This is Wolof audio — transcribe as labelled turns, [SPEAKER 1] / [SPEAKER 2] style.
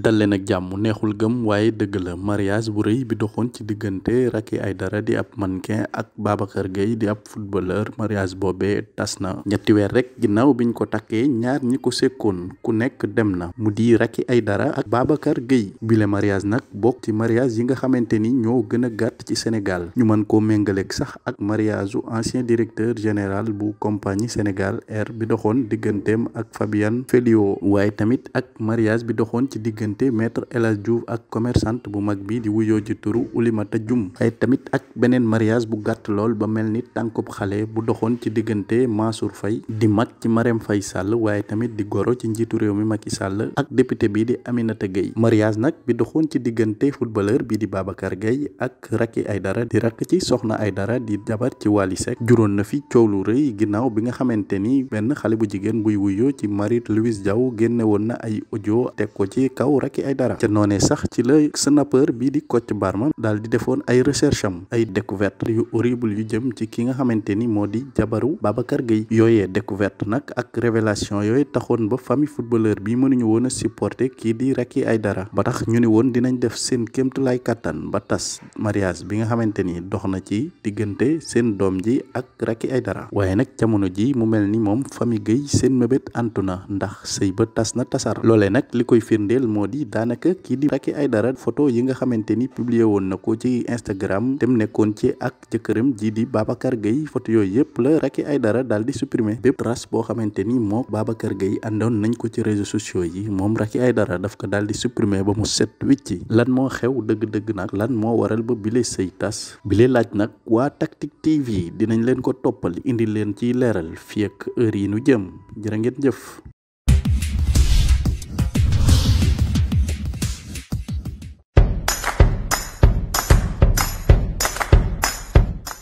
[SPEAKER 1] dal leen ak jàmm neexul gëm waaye dëgg la mariage bu rëy bi doxoon ci diggante ay dara di ab mannequin ak Babacar Gueye di ab footballeur mariage boobee tas na ñetti weer rek ginnaaw biñ ko takkee ñaar ñi ko sekkoon ku nekk dem na mu di ay dara ak Babacar Gueye bile mariage nag bokk ci mariage yi nga xamante ni ñoo gën a gàtt ci Sénégal ñu mën koo méngaleeg sax ak mariage u ancien directeur général bu compagnie Sénégal Air bi doxoon digganteem ak Fabien Fellio bi doxoon diggante maître El Hadj ak commercant bu mag bi di wuyoo ci turu Oulimata Dioum ay tamit ak beneen mariage bu gàtt lool ba mel ni tànkub xale bu doxoon ci diggante Mansour fay di mag ci Marème fay sàll waaye tamit di goro ci njiitu réew mi mag Macky sàll ak député bi di Aminata Gueye mariage nag bi doxoon ci diggante footballeur bi di Babacar Gueye ak ay dara di rakk ci Soxna ay dara di jabar ci Wally Seck juróon na fi coow lu rëy ginnaaw bi nga xamante ni benn xale bu jigéen buy wuyoo ci Marie Louise Diaw génne na ay audio teg ko kaw ay dara ca noonee sax ci la snappeur bii di Kocc Barma daal di defoon ay recherche am ay découverte yu horrible yu jëm ci ki nga xamante ni moo di jabaru Babacar Gueye yooyee découverte nag ak révélation yooyu taxoon ba famille footballeur bi mënuñu woon a supporter kii di ay dara ba tax ñu ni woon dinañ def seen kéemtulaay kattan ba tas mariage bi nga xamante ni dox na ci diggante seen doom ji ak ay dara waaye nag jamono ji mu mel ni moom famille Gueye seen mébét antu na ndax sëy ba tas na tasar nag li koy firndeel moo di daanaka kii di ay Aidara photo yi nga xamante ni publier woon na ko ci Instagram dem nekkoon ci ak jëkkëram jii di Babacar Gueye photo yooyu yëpp la ay dara daal di supprimer bépp trace boo xamante ni moo Babacar Gueye àndoon nañ ko ci réseaux sociaux yi moom ay dara daf ko daal di supprimer ba mu set wicc lan moo xew dëgg-dëgg nag lan moo waral ba bile sëy tas bile laaj nag waa Tactic TV dinañ leen ko toppal indi leen ci leeral fii ak heure yi nu jëm jërë ngeen jëf